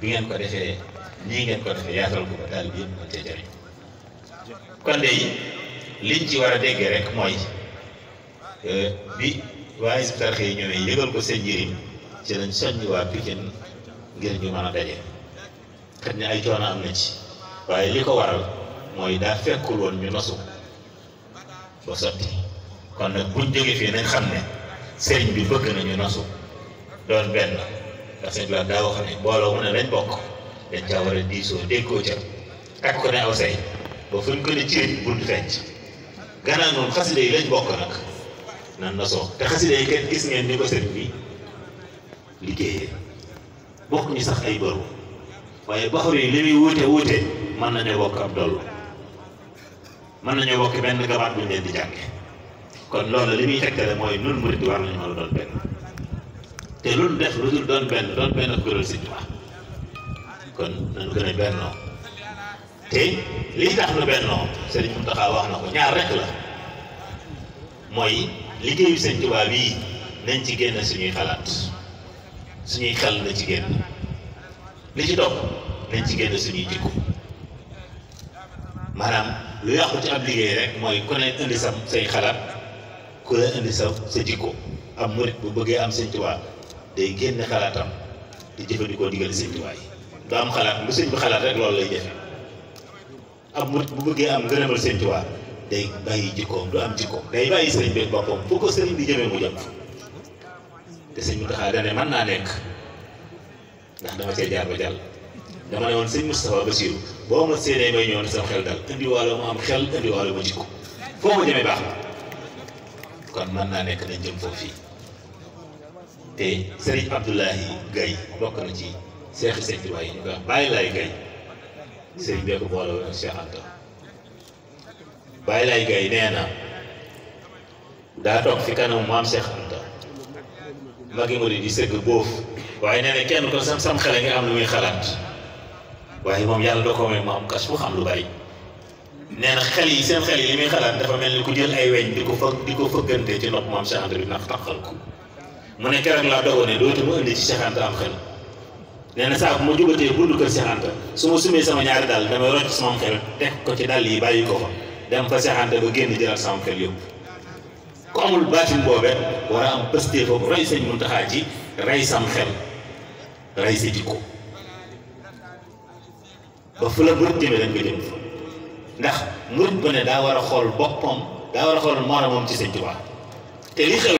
bi ngeen ko defee nii ngeen ko defee yaatal ko ba taal bi yëpp mën cee jëriñ kon liñ ci war a déggee rek mooy euh, bi waa Hizbut Tarqiyyah ñëwee yëgal ko seen njëriñ ci lañ soññ waa Pikine ngir ñu mën a daje xëy na ay coono am na ci waaye li ko waral mooy daa fekkul woon ñu nosu ba sotti kon nag buñ jógee fii nañ xam ne sëriñ bi bëgg nañu nosu doon benn. ndax laa daa wax ne mbooloo mu ne lañ bokk dañ caa war a diisoo déggoo ca takk ko ne aw say ba fuñ ko ne ciriñ bunt fenc gannaaw noonu xasida yi lañ bokk nag na soo te xasida yi kenn gis ngeen ni ko sëñ bi liggéeyee bokk ñu sax ay bëru waaye baxaru yi li muy wuute wuute mën nañoo bokk ab dollu mën nañoo bokk benn gabaat buñ leen jànge kon loolu li muy tegtale mooy nun murid war nañu mën a doon benn te lu def lu dul doon benn doon benn ko gëral Sëñ kon nañu gën a bennoo te lii tax nu bennoo Sëriñ Muntaxa wax na ko ñaar rek la mooy liggéeyu Sëñ Tuubaa bii nañ ci génn suñuy xalaat suñuy xel na ci génn li ci topp nañ ci génn suñuy jikko maanaam lu yàqu ci ab liggéey rek mooy ku ne indi sa say xalaat ku ne indi sa sa jikko am murit bu bëggee am Sëñ Tuubaa day génn xalaatam di jëfandikoo digal sëñ bi waay du am xalaat lu sëñ bi xalaat rek loolu lay jëfe am murit bu bëggee am ngërëmal sëñ Tuubaa day bàyyi jikkoom du am jikkoom day bàyyi sëriñ bi boppam fu ko sëriñ bi jëmee mu jëm te sëñ Mountakha dane mën naa nekk ndax dama cee jaar ba jàll dama ne woon sëñ Moustapha Bassirou boo ma séenee may ñëw na sama xel dal indiwaale mu am xel indiwaale mu jikko foo ma jëmee baax kon man naa nekk nañ jëm fii te Serigne Abdoulahi Gaye bokk na ci seexi sëñ Tuubaa yi ñu koy wax Baye Laye boole woon ak Cheikh Anta Baye nee na daa toog fi kanam maam Cheikh Anta magi di sëgg boof waaye nee na kenn ko sam sam xale nga am lu muy xalaat waaye moom yàlla doo ko may mu kas fu xam lu bari nee na xel yi seen xel yi li muy xalaat dafa mel ni ku jël ay weñ di ko fëgg di ko fëggante ci nopp maam Cheikh bi ndax taxal ko mu ne keroog laa dogoon ne dootuma indi ci Cheikh am xel nee na saa bu ma jubatee bundu kër Cheikh su ma sumee sama ñaari dàll damay rocc sama xel teg ko ci dàll yi bàyyi ko fa dem fa Cheikh Anta ba génn jëlaat sama xel yëpp ku amul baatin boobe war a am pëstee foofu roy sëñ Muntaxa ci rey sam xel rey sa jikko ba fu la murit jëme dañ ko jëm fa ndax murit bu ne daa war a xool boppam daa war a xool moromam ci sëñ Tuubaa te li